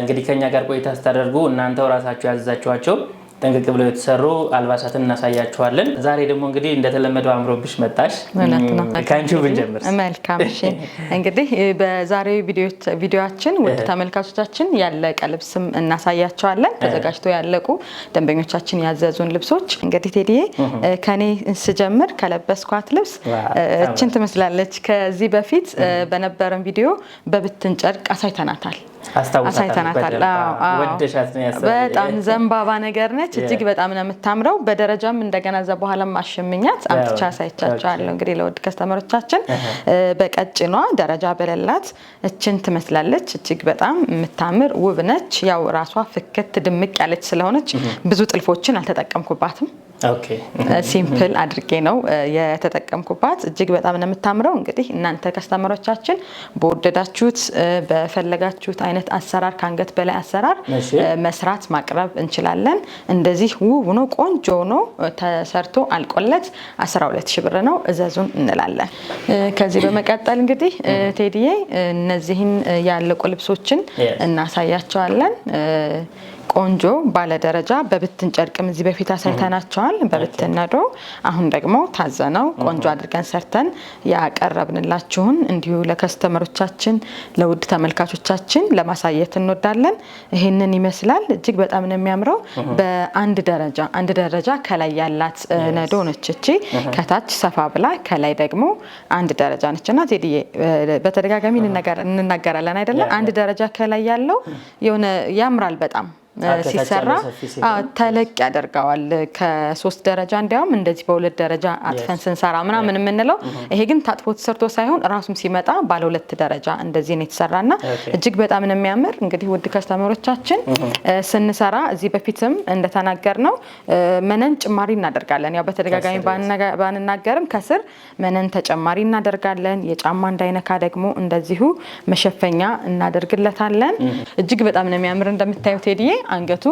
እንግዲህ ከኛ ጋር ቆይታ ስታደርጉ እናንተው ራሳችሁ ያዘዛችኋቸው ጠንቅቅ ብለው የተሰሩ አልባሳትን እናሳያችኋለን። ዛሬ ደግሞ እንግዲህ እንደተለመደው አምሮብሽ መጣሽ። ከአንቺው ብንጀምር መልካም። እንግዲህ በዛሬው ቪዲዮችን ውድ ተመልካቾቻችን ያለቀ ልብስም እናሳያቸዋለን። ተዘጋጅቶ ያለቁ ደንበኞቻችን ያዘዙን ልብሶች እንግዲህ ቴዲዬ፣ ከኔ ስጀምር ከለበስኳት ልብስ እችን ትመስላለች። ከዚህ በፊት በነበረን ቪዲዮ በብትን ጨርቅ አሳይተናታል። በጣም ዘንባባ ነገር ነች። እጅግ በጣም ነው የምታምረው። በደረጃም እንደገና እዛ በኋላ አሸምኛት አምጥቻ አሳይቻቸዋለሁ። እንግዲህ ለውድ ከስተመሮቻችን በቀጭኗ ደረጃ በሌላት እችን ትመስላለች። እጅግ በጣም የምታምር ውብ ነች። ያው ራሷ ፍክት ድምቅ ያለች ስለሆነች ብዙ ጥልፎችን አልተጠቀምኩባትም። ሲምፕል አድርጌ ነው የተጠቀምኩባት። እጅግ በጣም ነው የምታምረው። እንግዲህ እናንተ ከስተመሮቻችን በወደዳችሁት በፈለጋችሁት አይነት አሰራር ከአንገት በላይ አሰራር መስራት ማቅረብ እንችላለን። እንደዚህ ውብ ነው፣ ቆንጆ ነው፣ ተሰርቶ አልቆለት 12 ሺ ብር ነው። እዘዙን እንላለን። ከዚህ በመቀጠል እንግዲህ ቴዲዬ እነዚህን ያለቁ ልብሶችን እናሳያቸዋለን። ቆንጆ ባለደረጃ በብትን ጨርቅም እዚህ በፊት አሳይተናቸዋል። በብትን ነዶ አሁን ደግሞ ታዘነው ቆንጆ አድርገን ሰርተን ያቀረብንላችሁን እንዲሁ ለከስተመሮቻችን ለውድ ተመልካቾቻችን ለማሳየት እንወዳለን። ይህንን ይመስላል። እጅግ በጣም ነው የሚያምረው። በአንድ ደረጃ አንድ ደረጃ ከላይ ያላት ነዶ ነች እቺ ከታች ሰፋ ብላ ከላይ ደግሞ አንድ ደረጃ ነች እና ዜድዬ በተደጋጋሚ እንናገራለን አይደለም አንድ ደረጃ ከላይ ያለው የሆነ ያምራል በጣም ሲሰራ ተለቅ ያደርገዋል። ከሶስት ደረጃ እንዲያውም እንደዚህ በሁለት ደረጃ አጥፈን ስንሰራ ምናምን የምንለው mm-hmm. ይሄ ግን ታጥፎ ተሰርቶ ሳይሆን ራሱም ሲመጣ ባለ ሁለት ደረጃ እንደዚህ ነው የተሰራና እጅግ በጣም ነው የሚያምር። እንግዲህ ውድ ከስተመሮቻችን mm-hmm. ስንሰራ እዚህ በፊትም እንደተናገር ነው መነን ጭማሪ እናደርጋለን። ያው በተደጋጋሚ ባንናገርም ከስር መነን ተጨማሪ እናደርጋለን። የጫማ እንዳይነካ ደግሞ እንደዚሁ መሸፈኛ እናደርግለታለን። mm-hmm. እጅግ በጣም ነው የሚያምር እንደምታዩት ቴዲዬ አንገቱ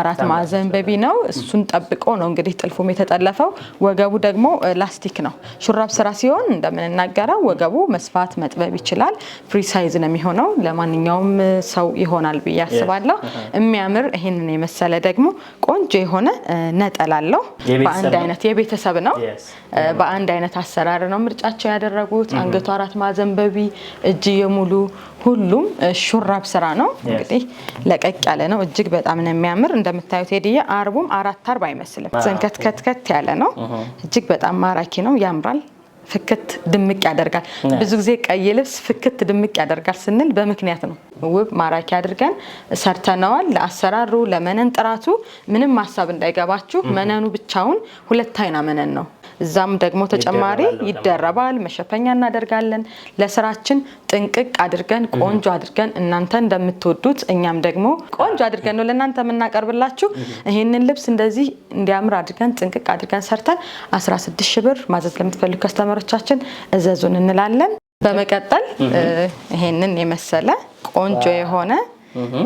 አራት ማዕዘን በቢ ነው። እሱን ጠብቆ ነው እንግዲህ ጥልፉም የተጠለፈው። ወገቡ ደግሞ ላስቲክ ነው። ሹራብ ስራ ሲሆን እንደምንናገረው ወገቡ መስፋት መጥበብ ይችላል። ፍሪ ሳይዝ ነው የሚሆነው። ለማንኛውም ሰው ይሆናል ብዬ አስባለሁ። የሚያምር ይህንን የመሰለ ደግሞ ቆንጆ የሆነ ነጠላለው በአንድ አይነት የቤተሰብ ነው። በአንድ አይነት አሰራር ነው ምርጫቸው ያደረጉት። አንገቱ አራት ማዕዘን በቢ፣ እጅ የሙሉ ሁሉም ሹራብ ስራ ነው። እንግዲህ ለቀቅ ያለ ነው እጅግ በጣም ነው የሚያምር እንደምታዩት ሄድዬ አርቡም አራት አርብ አይመስልም። ከትከት ያለ ነው። እጅግ በጣም ማራኪ ነው፣ ያምራል ፍክት ድምቅ ያደርጋል። ብዙ ጊዜ ቀይ ልብስ ፍክት ድምቅ ያደርጋል ስንል በምክንያት ነው። ውብ ማራኪ አድርገን ሰርተነዋል። ለአሰራሩ ለመነን ጥራቱ ምንም ሀሳብ እንዳይገባችሁ፣ መነኑ ብቻውን ሁለት አይና መነን ነው። እዛም ደግሞ ተጨማሪ ይደረባል፣ መሸፈኛ እናደርጋለን። ለስራችን ጥንቅቅ አድርገን ቆንጆ አድርገን እናንተ እንደምትወዱት እኛም ደግሞ ቆንጆ አድርገን ነው ለእናንተ የምናቀርብላችሁ። ይህንን ልብስ እንደዚህ እንዲያምር አድርገን ጥንቅቅ አድርገን ሰርተን 16 ሺ ብር ማዘዝ ለምትፈልጉ ከስተመሮቻችን እዘዙን እንላለን። በመቀጠል ይሄንን የመሰለ ቆንጆ የሆነ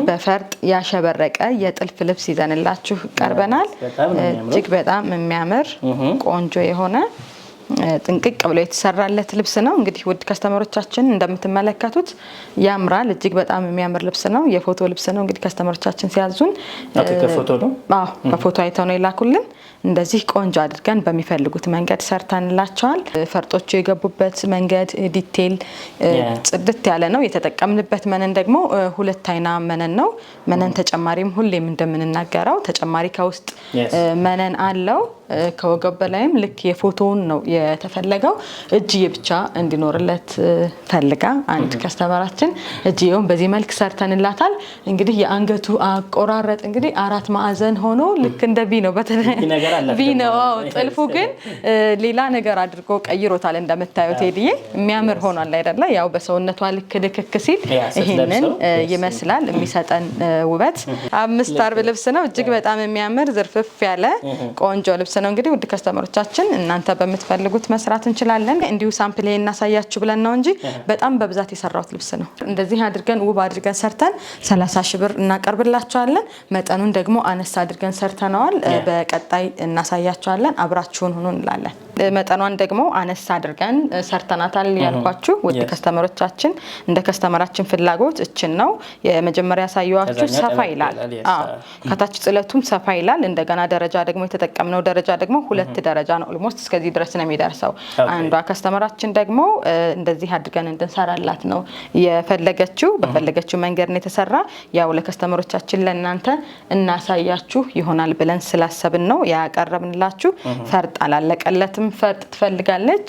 በፈርጥ ያሸበረቀ የጥልፍ ልብስ ይዘንላችሁ ቀርበናል። እጅግ በጣም የሚያምር ቆንጆ የሆነ ጥንቅቅ ብሎ የተሰራለት ልብስ ነው። እንግዲህ ውድ ከስተመሮቻችን እንደምትመለከቱት ያምራል። እጅግ በጣም የሚያምር ልብስ ነው። የፎቶ ልብስ ነው። እንግዲህ ከስተመሮቻችን ሲያዙን ከፎቶ አይተው ነው የላኩልን። እንደዚህ ቆንጆ አድርገን በሚፈልጉት መንገድ ሰርተንላቸዋል። ፈርጦቹ የገቡበት መንገድ ዲቴል ጽድት ያለ ነው። የተጠቀምንበት መነን ደግሞ ሁለት አይና መነን ነው። መነን ተጨማሪም ሁሌም እንደምንናገረው ተጨማሪ ከውስጥ መነን አለው። ከወገብ በላይም ልክ የፎቶውን ነው የተፈለገው። እጅዬ ብቻ እንዲኖርለት ፈልጋ አንድ ከስተመራችን እጅዬውን በዚህ መልክ ሰርተንላታል። እንግዲህ የአንገቱ አቆራረጥ እንግዲህ አራት ማዕዘን ሆኖ ልክ እንደቢ ነው በተለይ ነገር ነው። ጥልፉ ግን ሌላ ነገር አድርጎ ቀይሮታል። እንደምታዩት ቴዲዬ የሚያምር ሆኗል አይደለ? ያው በሰውነቷ ልክ ልክክ ሲል ይመስላል የሚሰጠን ውበት። አምስት አርብ ልብስ ነው እጅግ በጣም የሚያምር ዝርፍፍ ያለ ቆንጆ ልብስ ነው። እንግዲህ ውድ ከስተመሮቻችን እናንተ በምትፈልጉት መስራት እንችላለን። እንዲሁ ሳምፕል እናሳያችሁ ብለን ነው እንጂ በጣም በብዛት የሰራሁት ልብስ ነው። እንደዚህ አድርገን ውብ አድርገን ሰርተን 30 ብር እናቀርብላቸዋለን። መጠኑን ደግሞ አነስ አድርገን ሰርተነዋል። በቀጣይ እናሳያቸዋለን። አብራችሁን ሁኑ እንላለን። መጠኗን ደግሞ አነስ አድርገን ሰርተናታል ያልኳችሁ ውድ ከስተመሮቻችን፣ እንደ ከስተመራችን ፍላጎት እችን ነው የመጀመሪያ ያሳየኋችሁ። ሰፋ ይላል፣ ከታች ጥለቱም ሰፋ ይላል። እንደገና ደረጃ ደግሞ የተጠቀምነው ደረጃ ደግሞ ሁለት ደረጃ ነው። ኦልሞስት እስከዚህ ድረስ ነው የሚደርሰው። አንዷ ከስተመራችን ደግሞ እንደዚህ አድርገን እንድንሰራላት ነው የፈለገችው። በፈለገችው መንገድ ነው የተሰራ። ያው ለከስተመሮቻችን ለእናንተ እናሳያችሁ ይሆናል ብለን ስላሰብን ነው ያ ያቀረብንላችሁ ፈርጥ አላለቀለትም። ፈርጥ ትፈልጋለች፣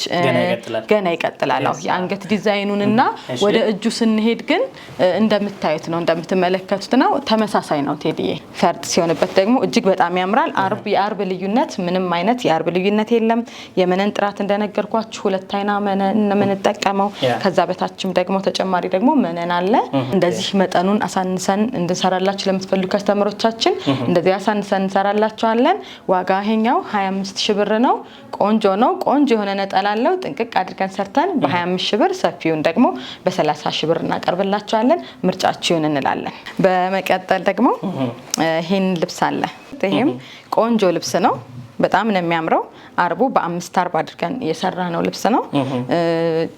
ገና ይቀጥላል። የአንገት ዲዛይኑን እና ወደ እጁ ስንሄድ ግን እንደምታዩት ነው፣ እንደምትመለከቱት ነው። ተመሳሳይ ነው ቴዲዬ። ፈርጥ ሲሆንበት ደግሞ እጅግ በጣም ያምራል። አርብ የአርብ ልዩነት ምንም አይነት የአርብ ልዩነት የለም። የመነን ጥራት እንደነገርኳችሁ ሁለት አይና መነን የምንጠቀመው ከዛ በታችም ደግሞ ተጨማሪ ደግሞ መነን አለ። እንደዚህ መጠኑን አሳንሰን እንድንሰራላችሁ ለምትፈልጉ ከስተምሮቻችን እንደዚህ አሳንሰን እንሰራላችኋለን። ዋ ዋጋ ይሄኛው 25 ሺህ ብር ነው። ቆንጆ ነው። ቆንጆ የሆነ ነጠላ አለው። ጥንቅቅ አድርገን ሰርተን በ25 ሺህ ብር፣ ሰፊውን ደግሞ በ30 ሺህ ብር እናቀርብላቸዋለን። ምርጫችሁን እንላለን። በመቀጠል ደግሞ ይህን ልብስ አለ። ይሄም ቆንጆ ልብስ ነው። በጣም ነው የሚያምረው። አርቡ በአምስት አርብ አድርገን የሰራ ነው ልብስ ነው።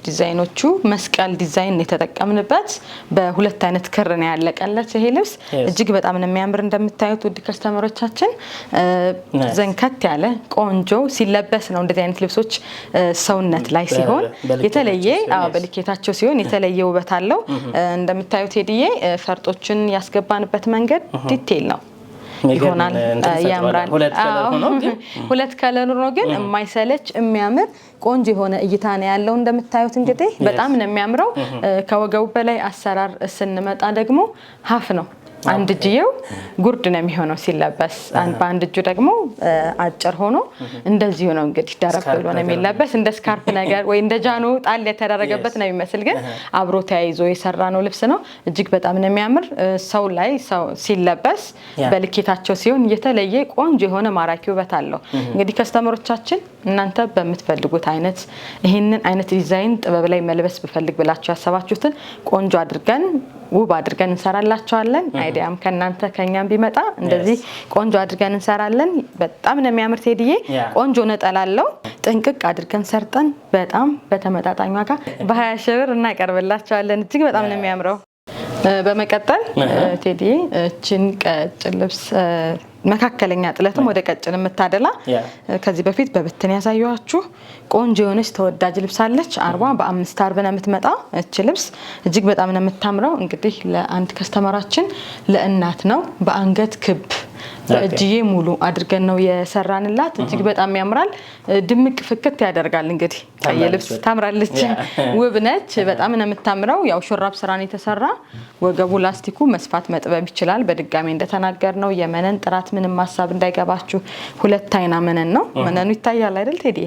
ዲዛይኖቹ መስቀል ዲዛይን የተጠቀምንበት በሁለት አይነት ክር ነው ያለቀለት ይሄ ልብስ እጅግ በጣም ነው የሚያምር። እንደምታዩት ውድ ከስተመሮቻችን ዘንከት ያለ ቆንጆ ሲለበስ ነው እንደዚህ አይነት ልብሶች ሰውነት ላይ ሲሆን የተለየ በልኬታቸው ሲሆን የተለየ ውበት አለው። እንደምታዩት ሄድዬ ፈርጦችን ያስገባንበት መንገድ ዲቴል ነው። ይሆናል። ያምራል። ሁለት ከለር ነው ግን የማይሰለች የሚያምር ቆንጆ የሆነ እይታ ነው ያለው። እንደምታዩት እንግዲህ በጣም ነው የሚያምረው። ከወገቡ በላይ አሰራር ስንመጣ ደግሞ ሀፍ ነው አንድ እጅየው ጉርድ ነው የሚሆነው ሲለበስ፣ በአንድ እጁ ደግሞ አጭር ሆኖ እንደዚሁ ነው እንግዲህ ደረብ ብሎ ነው የሚለበስ። እንደ ስካርፕ ነገር ወይ እንደ ጃኖ ጣል የተደረገበት ነው የሚመስል፣ ግን አብሮ ተያይዞ የሰራ ነው ልብስ ነው። እጅግ በጣም ነው የሚያምር። ሰው ላይ ሰው ሲለበስ በልኬታቸው ሲሆን የተለየ ቆንጆ የሆነ ማራኪ ውበት አለው። እንግዲህ ከስተመሮቻችን እናንተ በምትፈልጉት አይነት ይህንን አይነት ዲዛይን ጥበብ ላይ መልበስ ብፈልግ ብላችሁ ያሰባችሁትን ቆንጆ አድርገን ውብ አድርገን እንሰራላቸዋለን። አይዲያም ከእናንተ ከኛም ቢመጣ እንደዚህ ቆንጆ አድርገን እንሰራለን። በጣም ነው የሚያምር ቴዲዬ፣ ቆንጆ ነጠላለው ጥንቅቅ አድርገን ሰርጠን በጣም በተመጣጣኝ ዋጋ በሀያ ሺህ ብር እናቀርብላቸዋለን። እጅግ በጣም ነው የሚያምረው። በመቀጠል uh-huh. ቴዲዬ እችን ቀጭን ልብስ መካከለኛ ጥለትም ወደ ቀጭን የምታደላ ከዚህ በፊት በብትን ያሳየኋችሁ ቆንጆ የሆነች ተወዳጅ ልብስ አለች። አርባ mm-hmm. በአምስት አርብ ነው የምትመጣ እች ልብስ እጅግ በጣም ነው የምታምረው። እንግዲህ ለአንድ ከስተመራችን ለእናት ነው በአንገት ክብ በእጅዬ ሙሉ አድርገን ነው የሰራንላት። እጅግ በጣም ያምራል፣ ድምቅ ፍክት ያደርጋል። እንግዲህ ቀይ ልብስ ታምራለች፣ ውብ ነች፣ በጣም ነው የምታምረው። ያው ሹራብ ስራን የተሰራ ወገቡ ላስቲኩ መስፋት መጥበብ ይችላል። በድጋሚ እንደተናገር ነው የመነን ጥራት ምንም ሀሳብ እንዳይገባችሁ፣ ሁለት አይና መነን ነው። መነኑ ይታያል አይደል ቴዲ?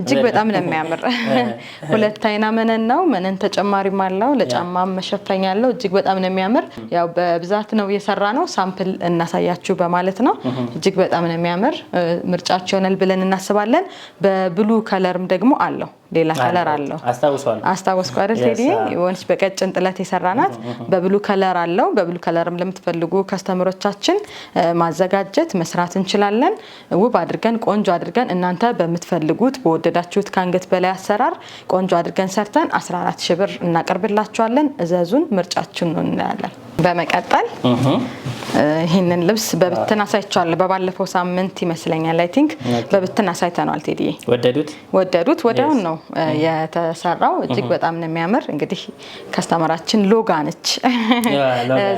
እጅግ በጣም ነው የሚያምር ሁለት አይና መነን ነው። መነን ተጨማሪም አለው፣ ለጫማ መሸፈኛ አለው። እጅግ በጣም ነው የሚያምር። ያው በብዛት ነው የሰራ ነው። ሳምፕል እናሳያችሁ ኪው በማለት ነው። እጅግ በጣም ነው የሚያምር ምርጫቸው ይሆናል ብለን እናስባለን። በብሉ ከለርም ደግሞ አለው ሌላ ከለር አለው። አስታውስኩ አይደል ቴዲ? ወንች በቀጭን ጥለት የሰራ ናት። በብሉ ከለር አለው። በብሉ ከለርም ለምትፈልጉ ከስተምሮቻችን ማዘጋጀት መስራት እንችላለን። ውብ አድርገን ቆንጆ አድርገን እናንተ በምትፈልጉት በወደዳችሁት ከአንገት በላይ አሰራር ቆንጆ አድርገን ሰርተን 14 ሺህ ብር እናቀርብላችኋለን። እዘዙን፣ ምርጫችን ነው እናያለን። በመቀጠል ይህንን ልብስ በብትን አሳይቸዋለሁ። በባለፈው ሳምንት ይመስለኛል አይ ቲንክ በብትን አሳይተነዋል ቴዲዬ። ወደዱት ወደዱት ወዲያውን ነው የተሰራው። እጅግ በጣም ነው የሚያምር። እንግዲህ ከስተመራችን ሎጋ ነች፣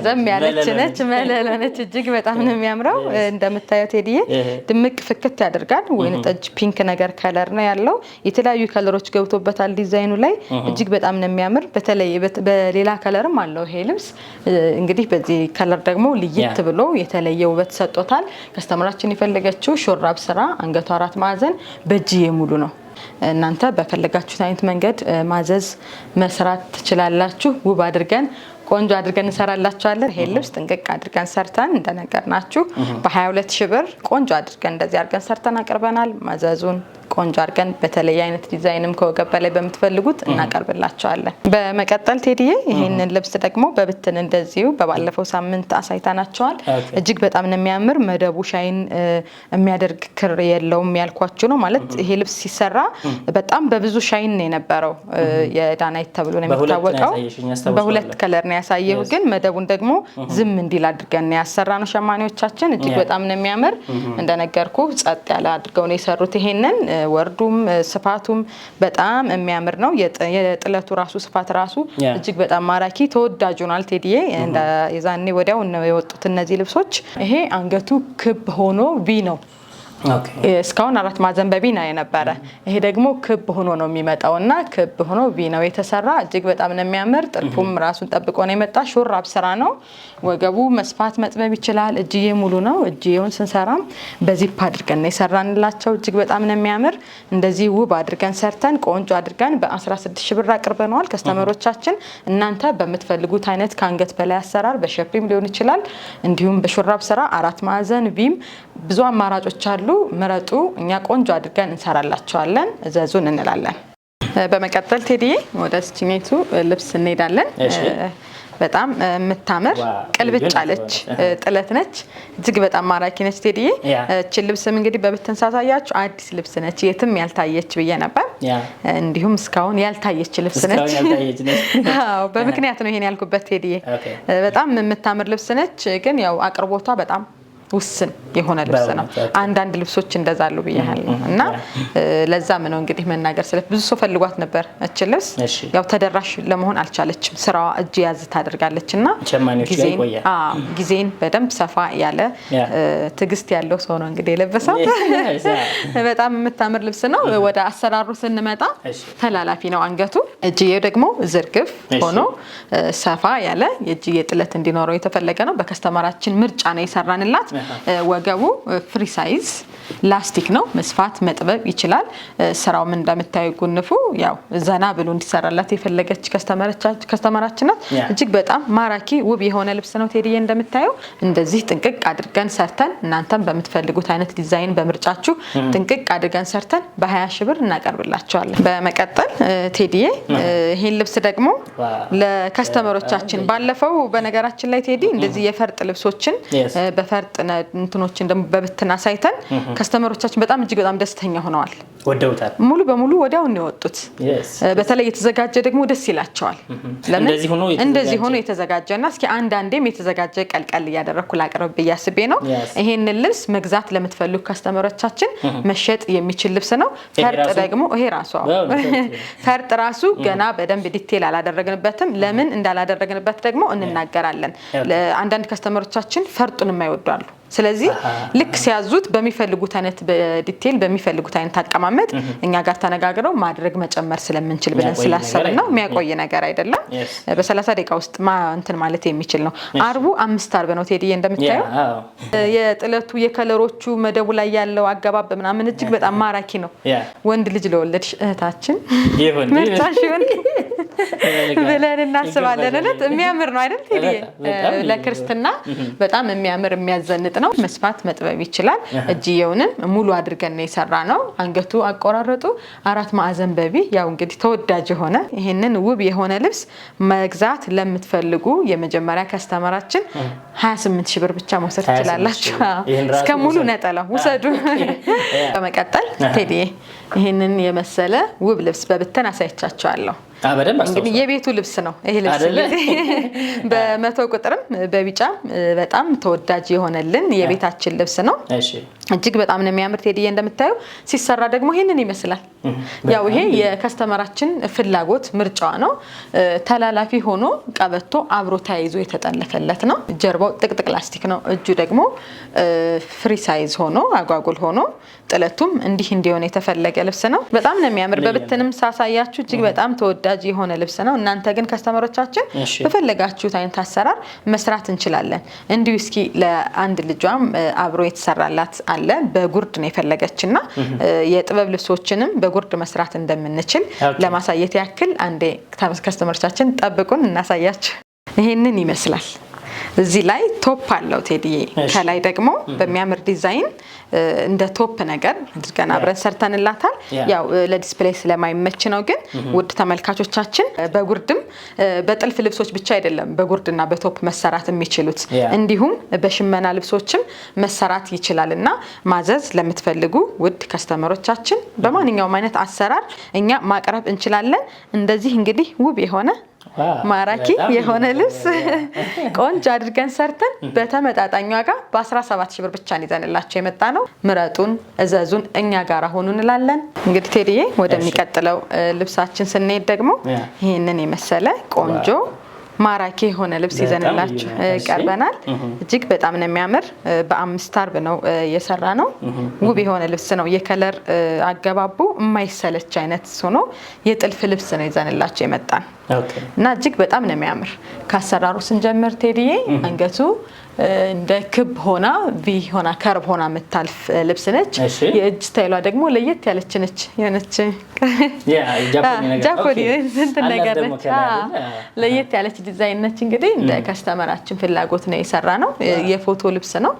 ዘም ያለች ነች፣ መለለ ነች። እጅግ በጣም ነው የሚያምረው። እንደምታየው ቴዲዬ ድምቅ ፍክት ያደርጋል። ወይን ጠጅ ፒንክ ነገር ከለር ነው ያለው። የተለያዩ ከለሮች ገብቶበታል ዲዛይኑ ላይ እጅግ በጣም ነው የሚያምር። በተለይ በሌላ ከለርም አለው ይሄ ልብስ እንግዲህ በዚህ ከለር ደግሞ ልይት ብሎ የተለየ ውበት ሰጦታል። ከስተመራችን የፈለገችው ሹራብ ስራ አንገቷ አራት ማዕዘን በእጅ የሙሉ ነው። እናንተ በፈለጋችሁት አይነት መንገድ ማዘዝ መስራት ትችላላችሁ። ውብ አድርገን ቆንጆ አድርገን እንሰራላችኋለን። ይሄ ልብስ ጥንቅቅ አድርገን ሰርተን እንደነገርናችሁ በ22 ሺ ብር ቆንጆ አድርገን እንደዚህ አድርገን ሰርተን አቅርበናል። ማዘዙን ቆንጆ አድርገን በተለየ አይነት ዲዛይንም ከወገብ በላይ በምትፈልጉት እናቀርብላቸዋለን። በመቀጠል ቴዲዬ ይህንን ልብስ ደግሞ በብትን እንደዚሁ በባለፈው ሳምንት አሳይታናቸዋል። እጅግ በጣም ነው የሚያምር። መደቡ ሻይን የሚያደርግ ክር የለውም ያልኳችሁ ነው። ማለት ይሄ ልብስ ሲሰራ በጣም በብዙ ሻይን ነው የነበረው። የዳናይት ተብሎ ነው የሚታወቀው። በሁለት ከለር ነው ያሳየሁ፣ ግን መደቡን ደግሞ ዝም እንዲል አድርገን ነው ያሰራ ነው ሸማኔዎቻችን። እጅግ በጣም ነው የሚያምር። እንደነገርኩ ጸጥ ያለ አድርገው ነው የሰሩት ይሄንን ወርዱም ስፋቱም በጣም የሚያምር ነው። የጥለቱ ራሱ ስፋት ራሱ እጅግ በጣም ማራኪ ተወዳጅ ሆኗል። ቴዲዬ የዛኔ ወዲያው የወጡት እነዚህ ልብሶች ይሄ አንገቱ ክብ ሆኖ ቪ ነው እስካሁን አራት ማዕዘን በቢና የነበረ ይሄ ደግሞ ክብ ሆኖ ነው የሚመጣው እና ክብ ሆኖ ነው የተሰራ እጅግ በጣም ነው የሚያምር። ጥልፉም ራሱን ጠብቆ ነው የመጣ። ሹራብ ስራ ነው። ወገቡ መስፋት መጥበብ ይችላል። እጅዬ ሙሉ ነው። እጅዬውን ስንሰራም በዚፕ አድርገን ነው የሰራንላቸው። እጅግ በጣም ነው የሚያምር። እንደዚህ ውብ አድርገን ሰርተን ቆንጆ አድርገን በ16 ሺ ብር አቅርበነዋል ከስተመሮቻችን። እናንተ በምትፈልጉት አይነት ከአንገት በላይ አሰራር በሸፒም ሊሆን ይችላል። እንዲሁም በሹራብ ስራ አራት ማዕዘን ቪም ብዙ አማራጮች አሉ። ምረጡ፣ እኛ ቆንጆ አድርገን እንሰራላቸዋለን፣ እዘዙን እንላለን። በመቀጠል ቴዲዬ ወደ ስችኔቱ ልብስ እንሄዳለን። በጣም የምታምር ቅልብጫ አለች ጥለት ነች። እጅግ በጣም ማራኪ ነች ቴዲዬ። እችን ልብስም እንግዲህ በብትን ሳሳያችሁ አዲስ ልብስ ነች፣ የትም ያልታየች ብዬ ነበር። እንዲሁም እስካሁን ያልታየች ልብስ ነች። በምክንያት ነው ይሄን ያልኩበት ቴዲዬ። በጣም የምታምር ልብስ ነች፣ ግን ያው አቅርቦቷ በጣም ውስን የሆነ ልብስ ነው። አንዳንድ ልብሶች እንደዛ አሉ ብያለሁ እና ለዛ ምነው እንግዲህ መናገር ስለ ብዙ ሰው ፈልጓት ነበር እች ልብስ ያው ተደራሽ ለመሆን አልቻለችም። ስራዋ እጅ ያዝ ታደርጋለች እና ጊዜን በደንብ ሰፋ ያለ ትግስት ያለው ሰው ነው እንግዲህ የለበሰው። በጣም የምታምር ልብስ ነው። ወደ አሰራሩ ስንመጣ ተላላፊ ነው አንገቱ፣ እጅዬው ደግሞ ዝርግፍ ሆኖ ሰፋ ያለ የእጅዬ ጥለት እንዲኖረው የተፈለገ ነው። በከስተመራችን ምርጫ ነው የሰራንላት ወገቡ ፍሪ ሳይዝ ላስቲክ ነው። መስፋት መጥበብ ይችላል። ስራውም እንደምታዩ ጉንፉ ያው ዘና ብሎ እንዲሰራላት የፈለገች ከስተመራችን ናት። እጅግ በጣም ማራኪ ውብ የሆነ ልብስ ነው ቴዲዬ። እንደምታየው እንደዚህ ጥንቅቅ አድርገን ሰርተን እናንተም በምትፈልጉት አይነት ዲዛይን በምርጫችሁ ጥንቅቅ አድርገን ሰርተን በሀያ ሺህ ብር እናቀርብላቸዋለን። በመቀጠል ቴዲዬ ይህን ልብስ ደግሞ ለከስተመሮቻችን ባለፈው በነገራችን ላይ ቴዲ እንደዚህ የፈርጥ ልብሶችን በፈርጥ እንትኖችን ደግሞ በብትና ሳይተን ከስተመሮቻችን በጣም እጅግ በጣም ደስተኛ ሆነዋል። ወደውታል። ሙሉ በሙሉ ወዲያው የወጡት። በተለይ የተዘጋጀ ደግሞ ደስ ይላቸዋል። እንደዚህ ሆኖ የተዘጋጀ እና እስኪ አንዳንዴም የተዘጋጀ ቀልቀል እያደረግኩ ላቅርብ ብዬ አስቤ ነው። ይሄንን ልብስ መግዛት ለምትፈልጉ ከስተመሮቻችን መሸጥ የሚችል ልብስ ነው። ፈርጥ ደግሞ ይሄ ራሱ ፈርጥ ራሱ ገና በደንብ ዲቴል አላደረግንበትም። ለምን እንዳላደረግንበት ደግሞ እንናገራለን። አንዳንድ ከስተመሮቻችን ፈርጡን የማይወዷሉ ስለዚህ ልክ ሲያዙት በሚፈልጉት አይነት ዲቴል በሚፈልጉት አይነት አቀማመጥ እኛ ጋር ተነጋግረው ማድረግ መጨመር ስለምንችል ብለን ስላሰብን ነው። የሚያቆይ ነገር አይደለም። በሰላሳ ደቂቃ ውስጥ እንትን ማለት የሚችል ነው። አርቡ አምስት አርብ ነው ቴዲዬ እንደምታየው የጥለቱ የከለሮቹ መደቡ ላይ ያለው አገባብ ምናምን እጅግ በጣም ማራኪ ነው። ወንድ ልጅ ለወለድሽ እህታችን ምርጫሽ ብለን እናስባለን። እውነት የሚያምር ነው አይደል ቴዲዬ? ለክርስትና በጣም የሚያምር የሚያዘንጥ ነው። ነው። መስፋት መጥበብ ይችላል። እጅየውንም ሙሉ አድርገን ነው የሰራ ነው። አንገቱ አቆራረጡ አራት ማዕዘን በቢ ያው እንግዲህ ተወዳጅ የሆነ ይህንን ውብ የሆነ ልብስ መግዛት ለምትፈልጉ የመጀመሪያ ከስተመራችን 28 ሺ ብር ብቻ መውሰድ ትችላላችሁ። እስከ ሙሉ ነጠላው ውሰዱ። በመቀጠል ቴዲዬ ይህንን የመሰለ ውብ ልብስ በብተን አሳይቻቸዋለሁ። እንግዲህ የቤቱ ልብስ ነው ይህ ልብስ በመቶ ቁጥርም በቢጫም በጣም ተወዳጅ የሆነልን የቤታችን ልብስ ነው። እጅግ በጣም ነው የሚያምር ቴዲዬ። እንደምታየው ሲሰራ ደግሞ ይህንን ይመስላል። ያው ይሄ የከስተመራችን ፍላጎት ምርጫዋ ነው። ተላላፊ ሆኖ ቀበቶ አብሮ ተያይዞ የተጠለፈለት ነው። ጀርባው ጥቅጥቅ ላስቲክ ነው። እጁ ደግሞ ፍሪ ሳይዝ ሆኖ አጓጉል ሆኖ ጥለቱም እንዲህ እንዲሆን የተፈለገ ልብስ ነው። በጣም ነው የሚያምር። በብትንም ሳሳያችሁ እጅግ በጣም ተወዳጅ የሆነ ልብስ ነው። እናንተ ግን ከስተመሮቻችን በፈለጋችሁት አይነት አሰራር መስራት እንችላለን። እንዲሁ እስኪ ለአንድ ልጇም አብሮ የተሰራላት አለ። በጉርድ ነው የፈለገችና የጥበብ ልብሶችንም በጉርድ መስራት እንደምንችል ለማሳየት ያክል አንዴ ከስተመሮቻችን ጠብቁን፣ እናሳያችሁ። ይሄንን ይመስላል። እዚህ ላይ ቶፕ አለው ቴዲዬ። ከላይ ደግሞ በሚያምር ዲዛይን እንደ ቶፕ ነገር አድርገን አብረን ሰርተንላታል። ያው ለዲስፕሌይ ስለማይመች ነው። ግን ውድ ተመልካቾቻችን በጉርድም በጥልፍ ልብሶች ብቻ አይደለም በጉርድና በቶፕ መሰራት የሚችሉት እንዲሁም በሽመና ልብሶችም መሰራት ይችላል እና ማዘዝ ለምትፈልጉ ውድ ከስተመሮቻችን በማንኛውም አይነት አሰራር እኛ ማቅረብ እንችላለን። እንደዚህ እንግዲህ ውብ የሆነ ማራኪ የሆነ ልብስ ቆንጆ አድርገን ሰርተን በተመጣጣኝ ዋጋ በ17 ሺ ብር ብቻ ይዘንላቸው የመጣ ነው። ምረጡን፣ እዘዙን፣ እኛ ጋር ሆኑ እንላለን። እንግዲህ ቴዲዬ ወደሚቀጥለው ልብሳችን ስንሄድ ደግሞ ይህንን የመሰለ ቆንጆ ማራኪ የሆነ ልብስ ይዘንላችሁ ቀርበናል። እጅግ በጣም ነው የሚያምር። በአምስት አርብ ነው የሰራ ነው። ውብ የሆነ ልብስ ነው። የከለር አገባቡ የማይሰለች አይነት ሆኖ የጥልፍ ልብስ ነው ይዘንላቸው የመጣን እና እጅግ በጣም ነው የሚያምር። ከአሰራሩ ስንጀምር ቴዲዬ አንገቱ እንደ ክብ ሆና ቪ ሆና ከርብ ሆና የምታልፍ ልብስ ነች። የእጅ ስታይሏ ደግሞ ለየት ያለች ነች። የሆነች ጃፖኒ እንትን ነገር ነች። ለየት ያለች ዲዛይን ነች። እንግዲህ እንደ ከስተመራችን ፍላጎት ነው የሰራ ነው። የፎቶ ልብስ ነው።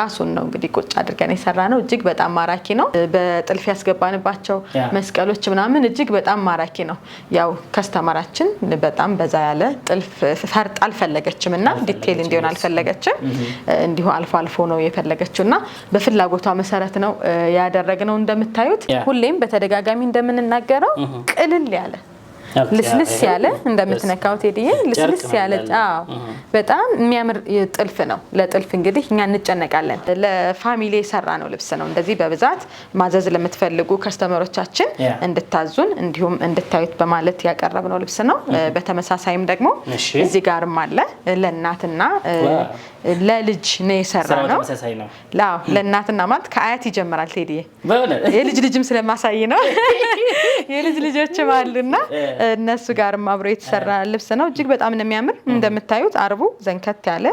ራሱን ነው እንግዲህ ቁጭ አድርገን የሰራ ነው። እጅግ በጣም ማራኪ ነው። በጥልፍ ያስገባንባቸው መስቀሎች ምናምን እጅግ በጣም ማራኪ ነው። ያው ከስተመራችን በጣም በዛ ያለ ጥልፍ ፈርጥ አልፈለገችም እና ዲቴል እንዲሆን አልፈለገችም። ነበረች። እንዲሁ አልፎ አልፎ ነው የፈለገችው እና በፍላጎቷ መሰረት ነው ያደረግነው። እንደምታዩት ሁሌም በተደጋጋሚ እንደምንናገረው ቅልል ያለ ልስልስ ያለ እንደምትነካው ቴዲዬ ልስልስ ያለ በጣም የሚያምር ጥልፍ ነው። ለጥልፍ እንግዲህ እኛ እንጨነቃለን። ለፋሚሊ የሰራ ነው ልብስ ነው። እንደዚህ በብዛት ማዘዝ ለምትፈልጉ ከስተመሮቻችን እንድታዙን እንዲሁም እንድታዩት በማለት ያቀረብ ነው ልብስ ነው። በተመሳሳይም ደግሞ እዚህ ጋርም አለ ለእናትና ለልጅ ነው የሰራ ነው። ለእናትና ማለት ከአያት ይጀምራል ቴዲዬ የልጅ ልጅም ስለማሳይ ነው የልጅ ልጆችም አሉና እነሱ ጋርም አብሮ የተሰራ ልብስ ነው። እጅግ በጣም ነው የሚያምር። እንደምታዩት አርቡ ዘንከት ያለ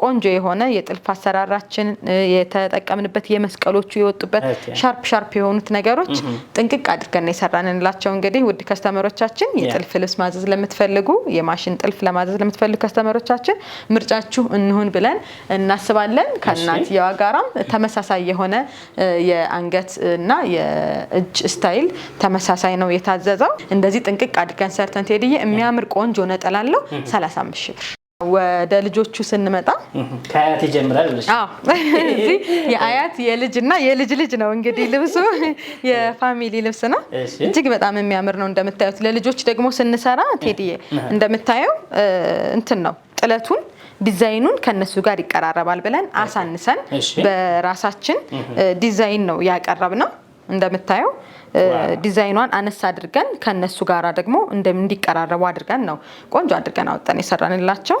ቆንጆ የሆነ የጥልፍ አሰራራችን የተጠቀምንበት የመስቀሎቹ የወጡበት ሻርፕ ሻርፕ የሆኑት ነገሮች ጥንቅቅ አድርገን የሰራን እንላቸው። እንግዲህ ውድ ከስተመሮቻችን የጥልፍ ልብስ ማዘዝ ለምትፈልጉ የማሽን ጥልፍ ለማዘዝ ለምትፈልጉ ከስተመሮቻችን ምርጫችሁ እንሁን ብለን እናስባለን። ከእናትየዋ ጋራም ተመሳሳይ የሆነ የአንገት እና የእጅ ስታይል ተመሳሳይ ነው የታዘዘው እንደዚህ ጥንቅቅ አድርገን ሰርተን ቴድዬ የሚያምር ቆንጆ ነጠላ አለው 35 ሺህ ብር። ወደ ልጆቹ ስንመጣ ከአያት ይጀምራል። እዚህ የአያት የልጅ እና የልጅ ልጅ ነው እንግዲህ ልብሱ የፋሚሊ ልብስ ነው። እጅግ በጣም የሚያምር ነው እንደምታዩት። ለልጆች ደግሞ ስንሰራ ቴድዬ እንደምታየው እንትን ነው ጥለቱን ዲዛይኑን ከነሱ ጋር ይቀራረባል ብለን አሳንሰን በራሳችን ዲዛይን ነው ያቀረብ ነው እንደምታየው ዲዛይኗን አነስ አድርገን ከነሱ ጋራ ደግሞ እንዲቀራረቡ አድርገን ነው ቆንጆ አድርገን አውጠን የሰራንላቸው።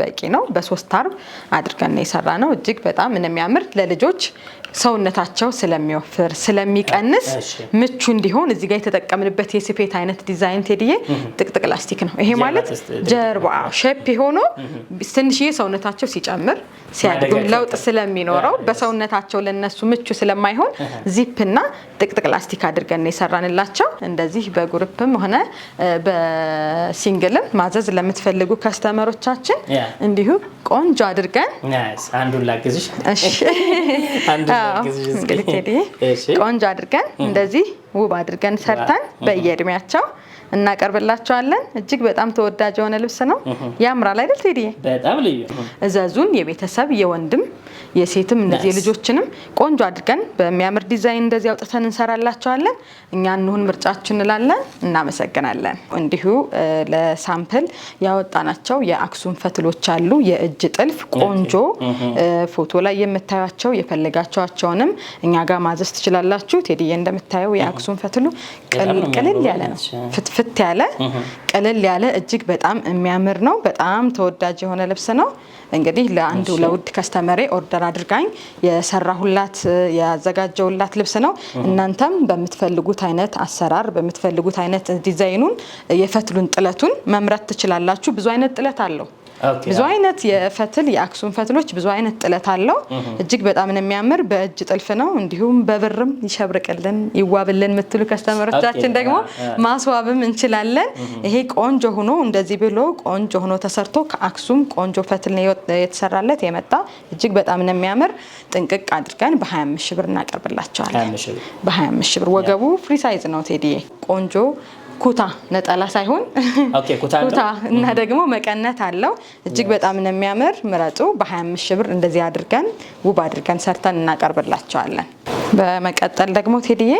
በቂ ነው። በሶስት አርብ አድርገን ነው የሰራ ነው። እጅግ በጣም እንደሚያምር ለልጆች ሰውነታቸው ስለሚወፍር ስለሚቀንስ ምቹ እንዲሆን እዚህ ጋር የተጠቀምንበት የስፌት አይነት ዲዛይን ቴድዬ ጥቅጥቅ ላስቲክ ነው። ይሄ ማለት ጀርባ ሼፕ ሆኖ ትንሽዬ ሰውነታቸው ሲጨምር ሲያድጉ ለውጥ ስለሚኖረው በሰውነታቸው ለነሱ ምቹ ስለማይሆን ዚፕና ጥቅጥቅ ላስቲክ አድርገን አድርገን ነው የሰራንላቸው። እንደዚህ በግሩፕም ሆነ በሲንግልም ማዘዝ ለምትፈልጉ ከስተመሮቻችን እንዲሁ ቆንጆ አድርገን አንዱን ላግዝሽ፣ ቆንጆ አድርገን እንደዚህ ውብ አድርገን ሰርተን በየእድሜያቸው እናቀርብላቸዋለን። እጅግ በጣም ተወዳጅ የሆነ ልብስ ነው። ያምራል አይደል ቴዲ? በጣም ልዩ። እዘዙን። የቤተሰብ የወንድም የሴትም እነዚህ ልጆችንም ቆንጆ አድርገን በሚያምር ዲዛይን እንደዚህ አውጥተን እንሰራላቸዋለን። እኛ እንሁን ምርጫችሁ እንላለን። እናመሰግናለን። እንዲሁ ለሳምፕል ያወጣናቸው የአክሱም ፈትሎች አሉ። የእጅ ጥልፍ ቆንጆ ፎቶ ላይ የምታዩቸው የፈለጋቸዋቸውንም እኛ ጋር ማዘዝ ትችላላችሁ። ቴዲዬ እንደምታየው የአክሱም ፈትሉ ቅልል ያለ ነው። ፍት ያለ ቀለል ያለ እጅግ በጣም የሚያምር ነው። በጣም ተወዳጅ የሆነ ልብስ ነው። እንግዲህ ለአንዱ ለውድ ከስተመሬ ኦርደር አድርጋኝ የሰራሁላት ያዘጋጀውላት ልብስ ነው። እናንተም በምትፈልጉት አይነት አሰራር በምትፈልጉት አይነት ዲዛይኑን የፈትሉን ጥለቱን መምረት ትችላላችሁ። ብዙ አይነት ጥለት አለው። ብዙ አይነት የፈትል የአክሱም ፈትሎች ብዙ አይነት ጥለት አለው። እጅግ በጣም ነው የሚያምር በእጅ ጥልፍ ነው። እንዲሁም በብርም ይሸብርቅልን ይዋብልን የምትሉ ከስተመሮቻችን ደግሞ ማስዋብም እንችላለን። ይሄ ቆንጆ ሆኖ እንደዚህ ብሎ ቆንጆ ሆኖ ተሰርቶ ከአክሱም ቆንጆ ፈትል የተሰራለት የመጣ እጅግ በጣም ነው የሚያምር። ጥንቅቅ አድርገን በ25 ሺህ ብር እናቀርብላቸዋለን። በ25 ሺህ ብር ወገቡ ፍሪ ሳይዝ ነው ቴዲዬ ቆንጆ ኩታ ነጠላ ሳይሆን ኩታ እና ደግሞ መቀነት አለው። እጅግ በጣም ነው የሚያምር። ምረጡ። በ25 ሺህ ብር እንደዚህ አድርገን ውብ አድርገን ሰርተን እናቀርብላቸዋለን። በመቀጠል ደግሞ ቴዲዬ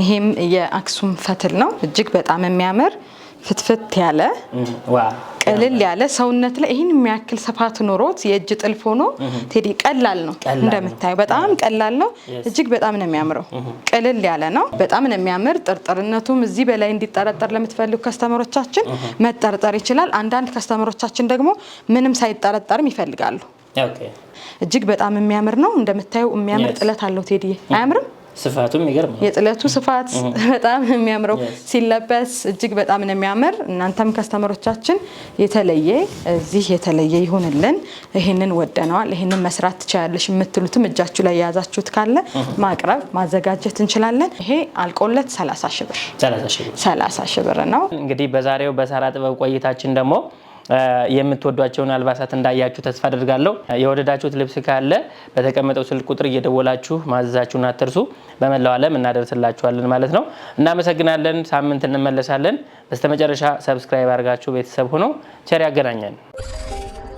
ይሄም የአክሱም ፈትል ነው። እጅግ በጣም የሚያምር ፍትፍት ያለ ቅልል ያለ ሰውነት ላይ ይህን የሚያክል ስፋት ኖሮት የእጅ ጥልፍ ሆኖ ቴዲ ቀላል ነው። እንደምታዩ በጣም ቀላል ነው። እጅግ በጣም ነው የሚያምረው። ቅልል ያለ ነው። በጣም ነው የሚያምር። ጥርጥርነቱም እዚህ በላይ እንዲጠረጠር ለምትፈልጉ ከስተመሮቻችን መጠርጠር ይችላል። አንዳንድ ከስተመሮቻችን ደግሞ ምንም ሳይጠረጠርም ይፈልጋሉ። እጅግ በጣም የሚያምር ነው። እንደምታየው የሚያምር ጥለት አለው ቴዲ አያምርም? ስፋቱም ይገርም ነው። የጥለቱ ስፋት በጣም የሚያምረው ሲለበስ እጅግ በጣም ነው የሚያምር። እናንተም ከስተመሮቻችን የተለየ እዚህ የተለየ ይሁንልን። ይህንን ወደነዋል፣ ይህንን መስራት ትችላለሽ የምትሉትም እጃችሁ ላይ የያዛችሁት ካለ ማቅረብ ማዘጋጀት እንችላለን። ይሄ አልቆለት 30 ሺህ ብር 30 ሺህ ብር ነው። እንግዲህ በዛሬው በሰራ ጥበብ ቆይታችን ደግሞ የምትወዷቸውን አልባሳት እንዳያችሁ ተስፋ አድርጋለሁ። የወደዳችሁት ልብስ ካለ በተቀመጠው ስልክ ቁጥር እየደወላችሁ ማዘዛችሁን አትርሱ። በመላው ዓለም እናደርስላችኋለን ማለት ነው። እናመሰግናለን። ሳምንት እንመለሳለን። በስተመጨረሻ ሰብስክራይብ አድርጋችሁ ቤተሰብ ሆኖ ቸር ያገናኘን።